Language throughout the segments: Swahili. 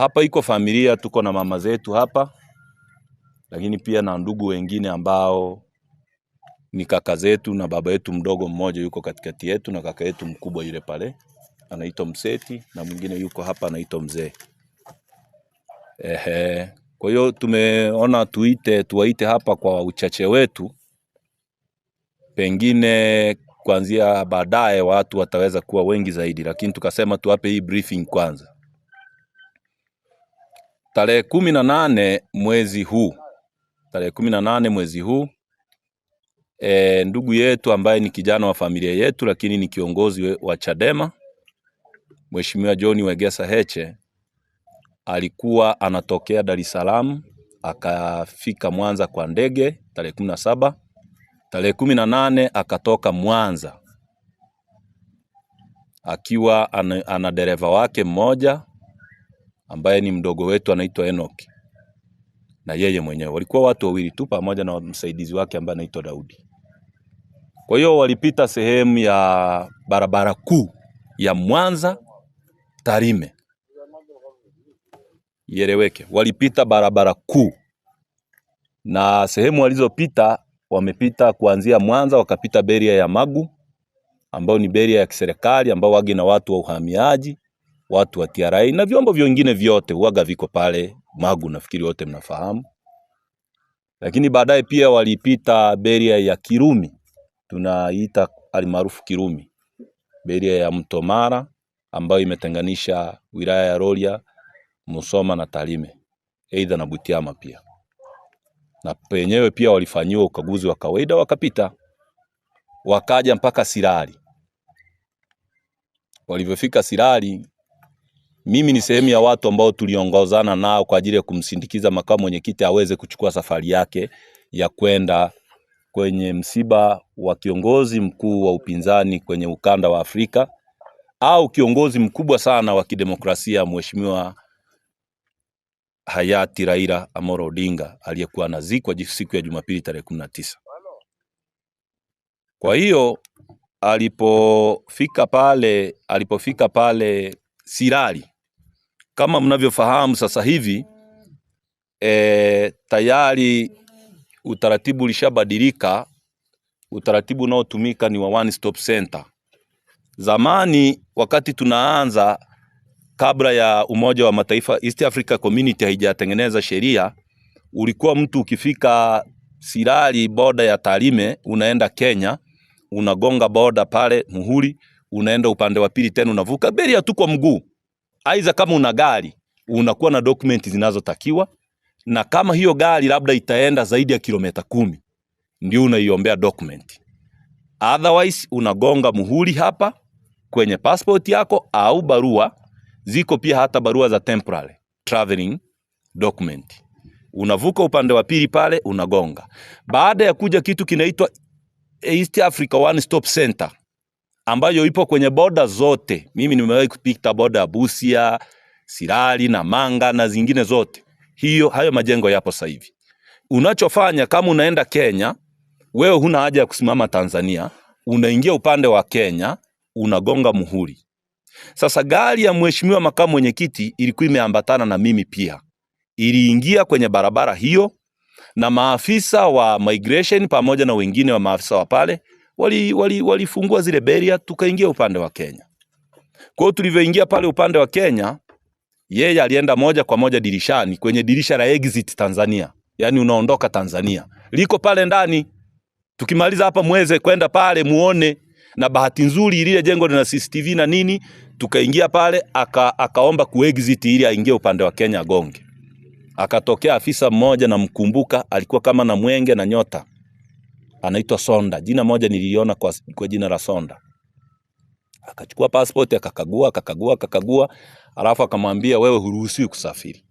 hapa iko familia, tuko na mama zetu hapa, lakini pia na ndugu wengine ambao ni kaka zetu na baba yetu mdogo mmoja yuko katikati yetu na kaka yetu mkubwa yule pale anaitwa Mseti na mwingine yuko hapa anaitwa Mzee. Ehe, kwa hiyo tumeona tuite tuwaite hapa kwa uchache wetu, pengine kuanzia baadaye watu wataweza kuwa wengi zaidi, lakini tukasema tuwape hii briefing kwanza tarehe kumi na nane mwezi huu, tarehe kumi na nane mwezi huu e, ndugu yetu ambaye ni kijana wa familia yetu, lakini ni kiongozi wa Chadema Mheshimiwa John Wegesa Heche alikuwa anatokea Dar es Salaam akafika Mwanza kwa ndege tarehe kumi na saba tarehe kumi na nane akatoka Mwanza akiwa ana dereva wake mmoja ambaye ni mdogo wetu anaitwa Enoch na yeye mwenyewe. Walikuwa watu wawili tu pamoja na msaidizi wake ambaye anaitwa Daudi. Kwa hiyo walipita sehemu ya barabara kuu ya Mwanza Tarime, ieleweke, walipita barabara kuu, na sehemu walizopita wamepita kuanzia Mwanza wakapita beria ya Magu ambayo ni beria ya kiserikali ambao wage na watu wa uhamiaji watu wa TRI na vyombo vingine vyote huaga viko pale Magu, nafikiri wote mnafahamu. Lakini baadaye pia walipita beria ya Kirumi, tunaita alimaarufu Kirumi, beria ya Mto Mara ambayo imetenganisha wilaya ya Rorya, Musoma na Tarime, aidha na Butiama pia, na penyewe pia walifanyiwa ukaguzi wa kawaida wakapita, wakaja mpaka Sirari. Walivyofika Sirari mimi ni sehemu ya watu ambao tuliongozana nao kwa ajili ya kumsindikiza makamu mwenyekiti aweze kuchukua safari yake ya kwenda kwenye msiba wa kiongozi mkuu wa upinzani kwenye ukanda wa Afrika au kiongozi mkubwa sana wa kidemokrasia Mheshimiwa hayati Raila Amolo Odinga aliyekuwa anazikwa siku ya Jumapili tarehe kumi na tisa. Kwa hiyo alipofika pale alipofika pale Sirari kama mnavyofahamu sasa hivi e, tayari utaratibu ulishabadilika. Utaratibu unaotumika ni wa one stop center. Zamani wakati tunaanza, kabla ya Umoja wa Mataifa East Africa Community haijatengeneza sheria, ulikuwa mtu ukifika Sirari boda ya Tarime unaenda Kenya, unagonga boda pale muhuri, unaenda upande wa pili tena unavuka, beria tu kwa mguu Aidha, kama una gari unakuwa na document zinazotakiwa, na kama hiyo gari labda itaenda zaidi ya kilomita kumi ndio unaiombea document. Otherwise unagonga muhuri hapa kwenye passport yako au barua ziko pia hata barua za temporary traveling document. Unavuka upande wa pili pale unagonga. Baada ya kuja kitu kinaitwa East Africa One Stop Center ambayo ipo kwenye boda zote. Mimi nimewahi kupita boda ya Busia, Sirali na Manga na zingine zote. Hiyo hayo majengo yapo sasa hivi. Unachofanya kama unaenda Kenya, wewe huna haja ya kusimama Tanzania, unaingia upande wa Kenya, unagonga muhuri. Sasa gari ya mheshimiwa makamu mwenyekiti ilikuwa imeambatana na mimi pia, iliingia kwenye barabara hiyo, na maafisa wa migration pamoja na wengine wa maafisa wa pale walifungua wali, wali zile beria, tukaingia upande wa Kenya. Kwa hiyo tulivyoingia pale upande wa Kenya, yeye alienda moja kwa moja dirishani kwenye dirisha la exit Tanzania, yani unaondoka Tanzania, liko pale ndani. Tukimaliza hapa mweze kwenda pale muone, na bahati nzuri lile jengo lina CCTV na nini, tukaingia pale aka, akaomba ku exit ili aingie upande wa Kenya gonge. Akatokea afisa mmoja namkumbuka, alikuwa kama na mwenge na nyota anaitwa Sonda. Jina moja niliona kwa, kwa jina la Sonda. Akachukua passport akakagua akakagua akakagua, alafu akamwambia wewe huruhusiwi kusafiri.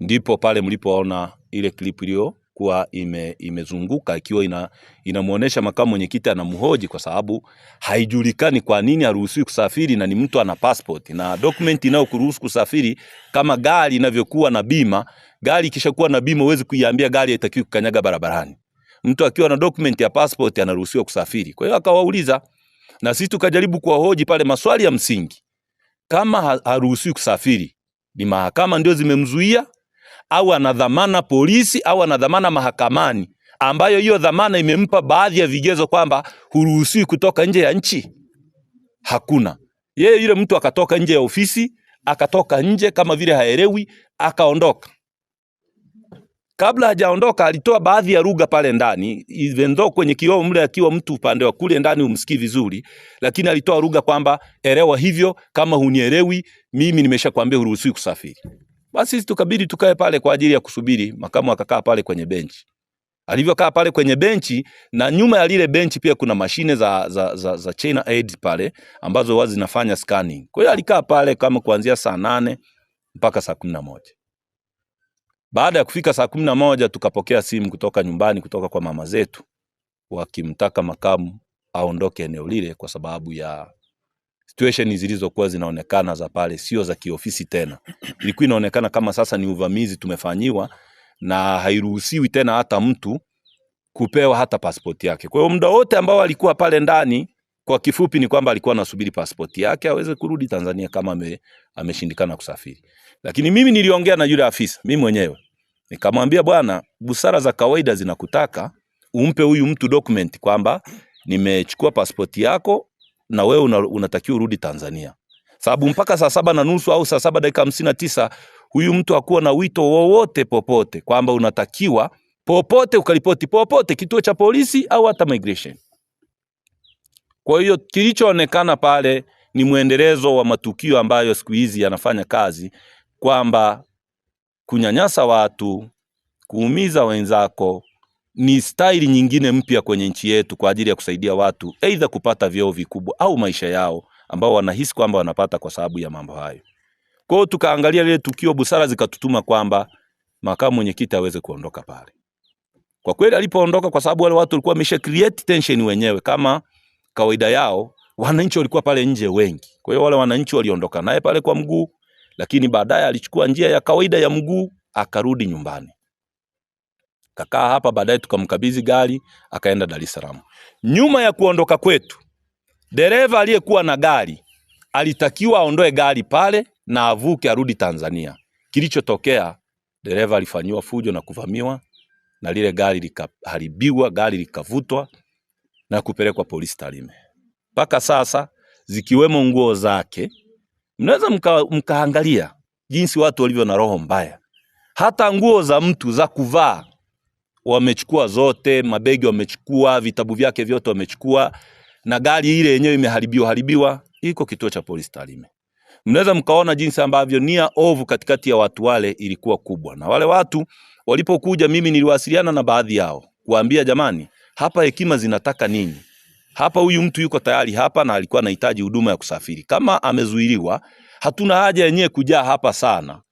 Ndipo pale mlipoona ile clip iliyokuwa ime, imezunguka ikiwa ina, inamuonesha makamu mwenyekiti anamhoji kwa sababu haijulikani kwa nini haruhusiwi kusafiri na ni mtu ana passport na document inayokuruhusu kusafiri kama gari inavyokuwa na bima. Gari ikishakuwa na bima huwezi kuiambia gari haitakiwi kukanyaga barabarani mtu akiwa na document ya passport anaruhusiwa kusafiri. Kwa hiyo akawauliza, na sisi tukajaribu kuwahoji pale maswali ya msingi, kama haruhusiwi kusafiri, ni mahakama ndio zimemzuia au ana dhamana polisi au ana dhamana mahakamani, ambayo hiyo dhamana imempa baadhi ya vigezo kwamba huruhusiwi kutoka nje ya nchi. Hakuna yeye, yule mtu akatoka nje ya ofisi, akatoka nje kama vile haelewi, akaondoka kabla hajaondoka alitoa baadhi ya lugha pale ndani, even though kwenye kioo mle akiwa mtu upande wa kule ndani umsikii vizuri, lakini alitoa lugha kwamba elewa hivyo, kama hunielewi mimi nimeshakwambia huruhusiwi kusafiri. Basi sisi tukabidi tukae pale kwa ajili ya kusubiri. Makamu akakaa pale kwenye benchi, alivyokaa pale kwenye benchi, na nyuma ya lile benchi pia kuna mashine za, za, za, za China Aid pale ambazo wazi zinafanya scanning. Kwa hiyo alikaa pale kama kuanzia saa nane mpaka saa kumi na moja. Baada ya kufika saa kumi na moja tukapokea simu kutoka nyumbani kutoka kwa mama zetu wakimtaka makamu aondoke eneo lile kwa sababu ya situation zilizokuwa zinaonekana za pale sio za kiofisi tena. Ilikuwa inaonekana kama sasa ni uvamizi tumefanyiwa, na hairuhusiwi tena hata mtu kupewa hata pasipoti yake. Kwa hiyo muda wote ambao alikuwa pale ndani kwa kifupi ni kwamba alikuwa anasubiri pasipoti yake aweze kurudi Tanzania kama ame, ameshindikana kusafiri. Lakini mimi niliongea na yule afisa mimi mwenyewe nikamwambia, bwana, busara za kawaida zinakutaka umpe huyu mtu document kwamba nimechukua pasipoti yako na wewe unatakiwa urudi Tanzania, sababu mpaka saa saba na nusu au saa saba dakika hamsini na tisa huyu mtu hakuwa na wito wowote popote kwamba unatakiwa popote ukaripoti popote kituo cha polisi au hata migration. Kwa hiyo kilichoonekana pale ni mwendelezo wa matukio ambayo siku hizi yanafanya kazi kwamba kunyanyasa watu, kuumiza wenzako ni staili nyingine mpya kwenye nchi yetu kwa ajili ya kusaidia watu aidha kupata vyeo vikubwa au maisha yao ambao wanahisi kwamba wanapata kwa sababu ya mambo hayo. Kwa hiyo tukaangalia lile tukio, busara zikatutuma kwamba makamu mwenyekiti aweze kuondoka pale. Kwa kweli alipoondoka, kwa sababu wale watu walikuwa wamesha create tension wenyewe kama kawaida yao wananchi walikuwa pale nje wengi. Kwa hiyo wale wananchi waliondoka naye pale kwa mguu, lakini baadaye alichukua njia ya kawaida ya mguu akarudi nyumbani. Kakaa hapa, baadaye tukamkabidhi gari akaenda Dar es Salaam. Nyuma ya kuondoka kwetu, dereva aliyekuwa na gari alitakiwa aondoe gari pale na avuke arudi Tanzania. Kilichotokea, dereva alifanyiwa fujo na kuvamiwa na lile gari likaharibiwa, gari likavutwa na kupelekwa polisi Tarime. Mpaka sasa zikiwemo nguo zake, mnaweza mka, mkaangalia jinsi watu walivyo na roho mbaya. Hata nguo za mtu za kuvaa wamechukua zote, mabegi wamechukua, vitabu vyake vyote wamechukua, na gari ile yenyewe imeharibiwa haribiwa, iko kituo cha polisi Tarime. Mnaweza mkaona jinsi ambavyo nia ovu katikati ya watu wale ilikuwa kubwa, na wale watu walipokuja, mimi niliwasiliana na baadhi yao kuambia, jamani hapa hekima zinataka nini? Hapa huyu mtu yuko tayari hapa na alikuwa anahitaji huduma ya kusafiri. Kama amezuiliwa, hatuna haja yenyewe kujaa hapa sana.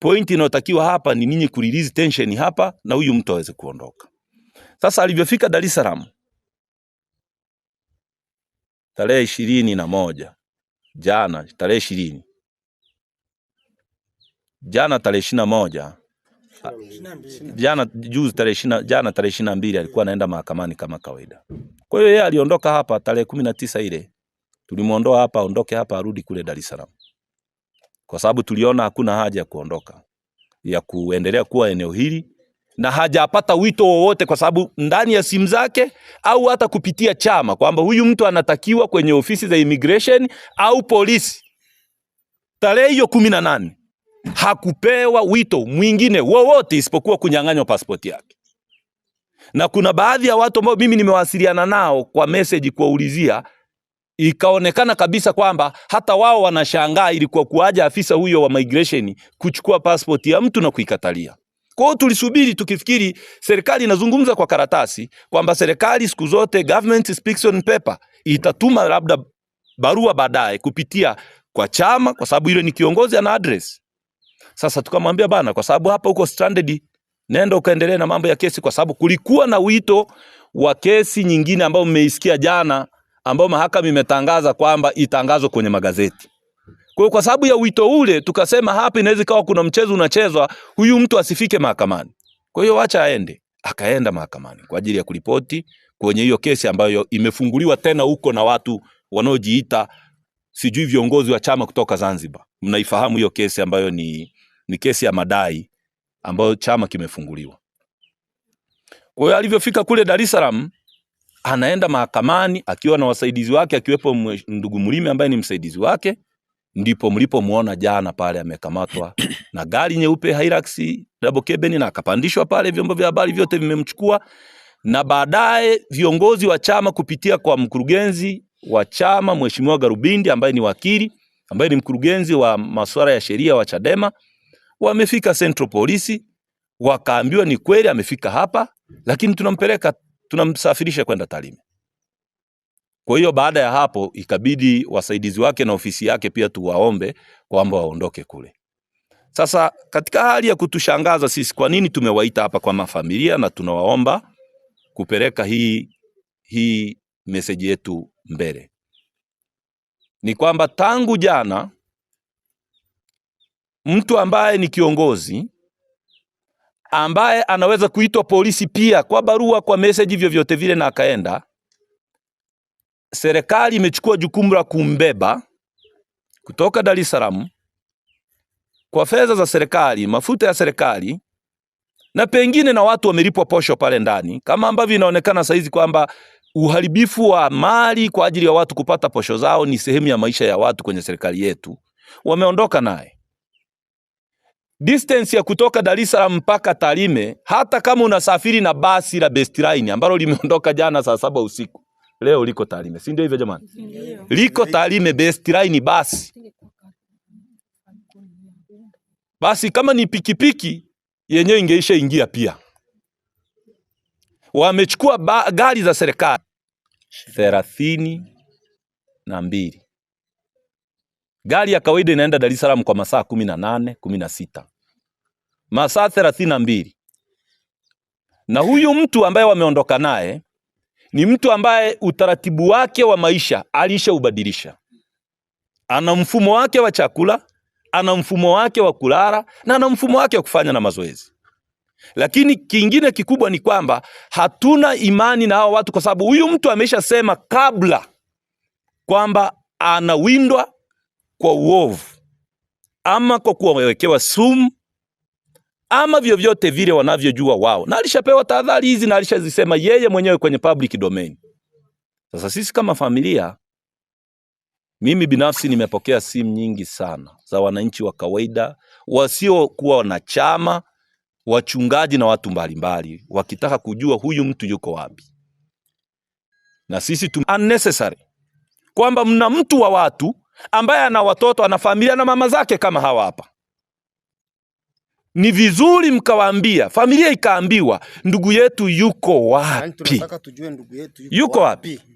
Point inayotakiwa hapa ni ninyi kurelease tension hapa na huyu mtu aweze kuondoka. Sasa alivyofika Dar es Salaam tarehe ishirini na moja jana tarehe ishirini jana tarehe ishirini na moja Ah, jana juzi tarehe ishirini jana tarehe ishirini na mbili alikuwa anaenda mahakamani kama kawaida. Kwa hiyo yeye aliondoka hapa tarehe kumi na tisa ile tulimwondoa hapa, aondoke hapa arudi kule Dar es Salaam, kwa sababu tuliona hakuna haja ya kuondoka ya kuendelea kuwa eneo hili na hajapata wito wowote kwa sababu ndani ya simu zake au hata kupitia chama kwamba huyu mtu anatakiwa kwenye ofisi za immigration au polisi tarehe hiyo kumi na nane hakupewa wito mwingine wowote isipokuwa kunyang'anywa pasipoti yake. Na kuna baadhi ya watu ambao mimi nimewasiliana nao kwa meseji kuwaulizia, ikaonekana kabisa kwamba hata wao wanashangaa ilikuwa kuaja afisa huyo wa migration kuchukua pasipoti ya mtu na kuikatalia. Kwa hiyo tulisubiri tukifikiri serikali inazungumza kwa karatasi, kwamba serikali siku zote government speaks on paper, itatuma labda barua baadaye kupitia kwa chama, kwa sababu yule ni kiongozi ana address sasa tukamwambia bana, kwa sababu hapa uko stranded, nenda ukaendelee na mambo ya kesi, kwa sababu kulikuwa na wito wa kesi nyingine ambayo mmeisikia jana, ambayo mahakama imetangaza kwamba itangazwe kwenye magazeti. Kwa kwa sababu ya wito ule, tukasema hapa inaweza kawa kuna mchezo unachezwa, huyu mtu asifike mahakamani. Kwa hiyo acha aende. Akaenda mahakamani kwa ajili ya kulipoti kwenye hiyo kesi ambayo imefunguliwa tena huko na watu wanaojiita sijui viongozi wa chama kutoka Zanzibar. Mnaifahamu hiyo kesi ambayo ni ni kesi ya madai ambayo chama kimefunguliwa. Kwa hiyo alivyofika kule Dar es Salaam, anaenda mahakamani akiwa na wasaidizi wake, akiwepo ndugu Mlime ambaye ni msaidizi wake, ndipo mlipomuona jana pale amekamatwa na gari nyeupe Hilux double cabin na akapandishwa pale, vyombo vya habari vyote vimemchukua, na baadaye viongozi wa chama kupitia kwa mkurugenzi wa chama Mheshimiwa Garubindi ambaye ni wakili ambaye ni mkurugenzi wa masuala ya sheria wa Chadema Wamefika Central Polisi wakaambiwa ni kweli amefika hapa, lakini tunampeleka tunamsafirisha kwenda Tarime. Kwa hiyo baada ya hapo ikabidi wasaidizi wake na ofisi yake pia tuwaombe kwamba waondoke kule. Sasa katika hali ya kutushangaza sisi, kwa nini tumewaita hapa kwa mafamilia na tunawaomba kupeleka hii hii meseji yetu mbele, ni kwamba tangu jana mtu ambaye ni kiongozi ambaye anaweza kuitwa polisi pia kwa barua, kwa meseji, vyovyote vile, na akaenda. Serikali imechukua jukumu la kumbeba kutoka Dar es Salaam kwa fedha za serikali, mafuta ya serikali na pengine na watu wamelipwa posho pale ndani, kama ambavyo inaonekana saizi kwamba uharibifu wa mali kwa ajili ya watu kupata posho zao ni sehemu ya maisha ya watu kwenye serikali yetu, wameondoka naye distance ya kutoka Dar es Salaam mpaka Tarime, hata kama unasafiri na basi la Best Line ambalo limeondoka jana saa saba usiku, leo liko Tarime, si ndio hivyo jamani? Liko Tarime Best Line basi basi, kama ni pikipiki yenyewe ingeisha ingia pia. Wamechukua gari za serikali thelathini na mbili. Gari ya kawaida inaenda Dar es Salaam kwa masaa kumi na nane kumi na sita masaa thelathini na mbili na huyu mtu ambaye wameondoka naye ni mtu ambaye utaratibu wake wa maisha alishaubadilisha. Ana mfumo wake wa chakula, ana mfumo wake wa kulala na ana mfumo wake wa kufanya na mazoezi. Lakini kingine kikubwa ni kwamba hatuna imani na hao watu, kwa sababu huyu mtu ameshasema kabla kwamba anawindwa kwa uovu ama kwa kuwekewa sumu ama vyovyote vile wanavyojua wao, na alishapewa tahadhari hizi na alishazisema yeye mwenyewe kwenye public domain. Sasa sisi kama familia, mimi binafsi nimepokea simu nyingi sana za wananchi wa kawaida wasiokuwa chama, wachungaji na watu mbalimbali, mbali, wakitaka kujua huyu mtu yuko wapi, na sisi tu unnecessary kwamba mna mtu wa watu ambaye ana watoto ana familia na mama zake kama hawa hapa ni vizuri mkawaambia, familia ikaambiwa ndugu yetu yuko yaani wapi, tujue ndugu yetu yuko, yuko wapi, wapi.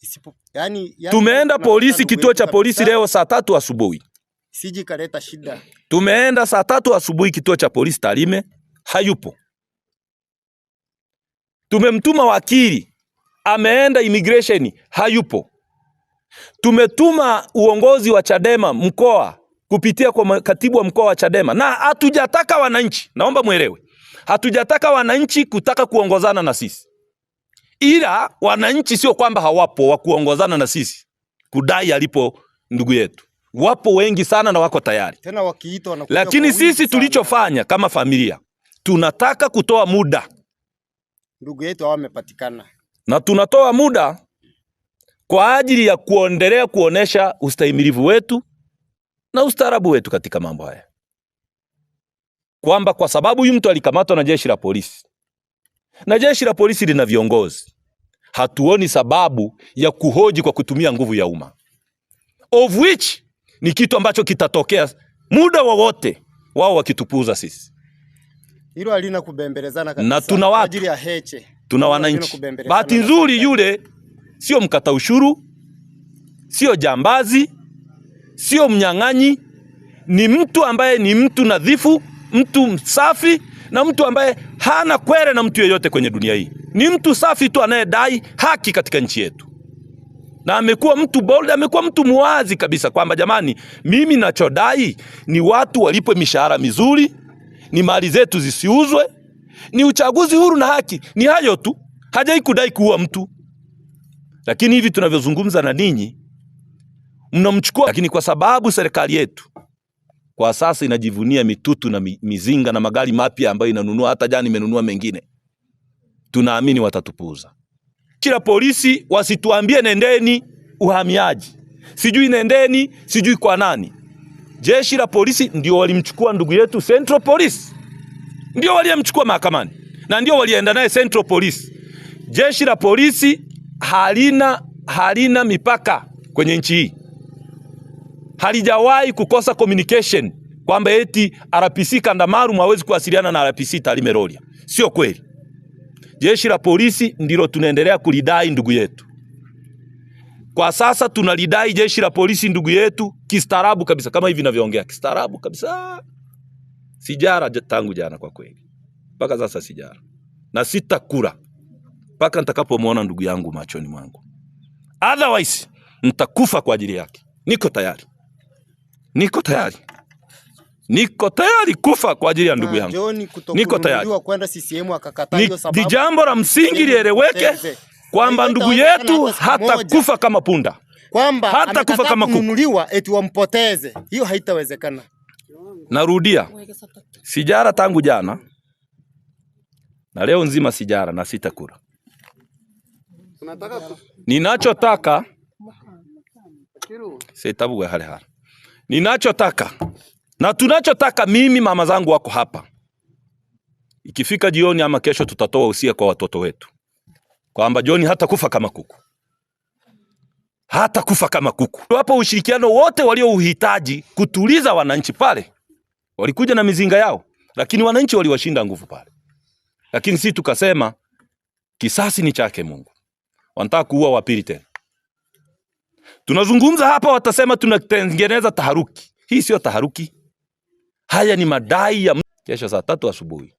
Isipo, yani, yani, tumeenda polisi, kituo cha polisi leo saa tatu asubuhi siji kaleta shida. Tumeenda saa tatu asubuhi kituo cha polisi Tarime, hayupo. Tumemtuma wakili, ameenda immigration, hayupo. Tumetuma uongozi wa Chadema mkoa kupitia kwa katibu wa mkoa wa Chadema, na hatujataka wananchi, naomba mwelewe, hatujataka wananchi kutaka kuongozana na sisi, ila wananchi sio kwamba hawapo wa kuongozana na sisi kudai alipo ndugu yetu, wapo wengi sana na wako tayari tena wakiita wanakuja, lakini sisi tulichofanya kama familia tunataka kutoa muda ndugu yetu amepatikana, na tunatoa muda kwa ajili ya kuendelea kuonesha ustahimilivu wetu na ustaarabu wetu katika mambo haya, kwamba kwa sababu huyu mtu alikamatwa na jeshi la polisi na jeshi la polisi lina viongozi, hatuoni sababu ya kuhoji kwa kutumia nguvu ya umma, of which ni kitu ambacho kitatokea muda wowote wa wao wakitupuuza sisi. Hilo halina kubembelezana kabisa. Na tuna watu tuna wananchi. Bahati nzuri, yule sio mkata ushuru, sio jambazi sio mnyang'anyi, ni mtu ambaye ni mtu nadhifu, mtu msafi na mtu ambaye hana kwere na mtu yeyote kwenye dunia hii. Ni mtu safi tu anayedai haki katika nchi yetu, na amekuwa mtu bold, amekuwa mtu muwazi kabisa kwamba jamani, mimi nachodai ni watu walipwe mishahara mizuri, ni mali zetu zisiuzwe, ni uchaguzi huru na haki. Ni hayo tu, hajai kudai kuua mtu. Lakini hivi tunavyozungumza na ninyi mnamchukua, lakini kwa sababu serikali yetu kwa sasa inajivunia mitutu na mizinga na magari mapya ambayo inanunua, hata jana imenunua mengine, tunaamini watatupuuza. Kila polisi wasituambie nendeni uhamiaji, sijui nendeni sijui kwa nani. Jeshi la polisi ndio walimchukua ndugu yetu Central Police, ndio waliyemchukua mahakamani na ndio walienda naye Central Police. Jeshi la polisi halina halina mipaka kwenye nchi hii halijawahi kukosa communication kwamba eti RPC Kandamaru mwawezi kuwasiliana na RPC Tarime Rorya. Sio kweli. Jeshi la polisi ndilo tunaendelea kulidai ndugu yetu. Kwa sasa tunalidai jeshi la polisi ndugu yetu kistaarabu kabisa, kama hivi ninavyoongea, kistaarabu kabisa. Sijara tangu jana kwa kweli, mpaka sasa sijara na sitakula mpaka nitakapomwona ndugu yangu machoni mwangu, otherwise nitakufa kwa ajili yake. Niko tayari niko tayari niko tayari kufa kwa ajili ya ndugu yangu, niko tayari. Ni jambo la msingi lieleweke kwamba ndugu yetu hata kufa kama punda, kwamba hata kufa kama kununuliwa eti wampoteze, hiyo haitawezekana. Narudia, sijara tangu jana na leo nzima sijara na sitakula. Ninachotaka sitabuga hali hali ninachotaka na tunachotaka, mimi mama zangu wako hapa. Ikifika jioni ama kesho, tutatoa usia kwa watoto wetu kwamba joni hata kufa kama kuku, hata kufa kama kuku. Wapo ushirikiano wote waliouhitaji kutuliza wananchi pale, walikuja na mizinga yao, lakini wananchi waliwashinda nguvu pale. Lakini si tukasema kisasi ni chake Mungu, wanataka kuua wapili tena. Tunazungumza hapa, watasema tunatengeneza taharuki. Hii sio taharuki, haya ni madai ya kesho saa tatu asubuhi.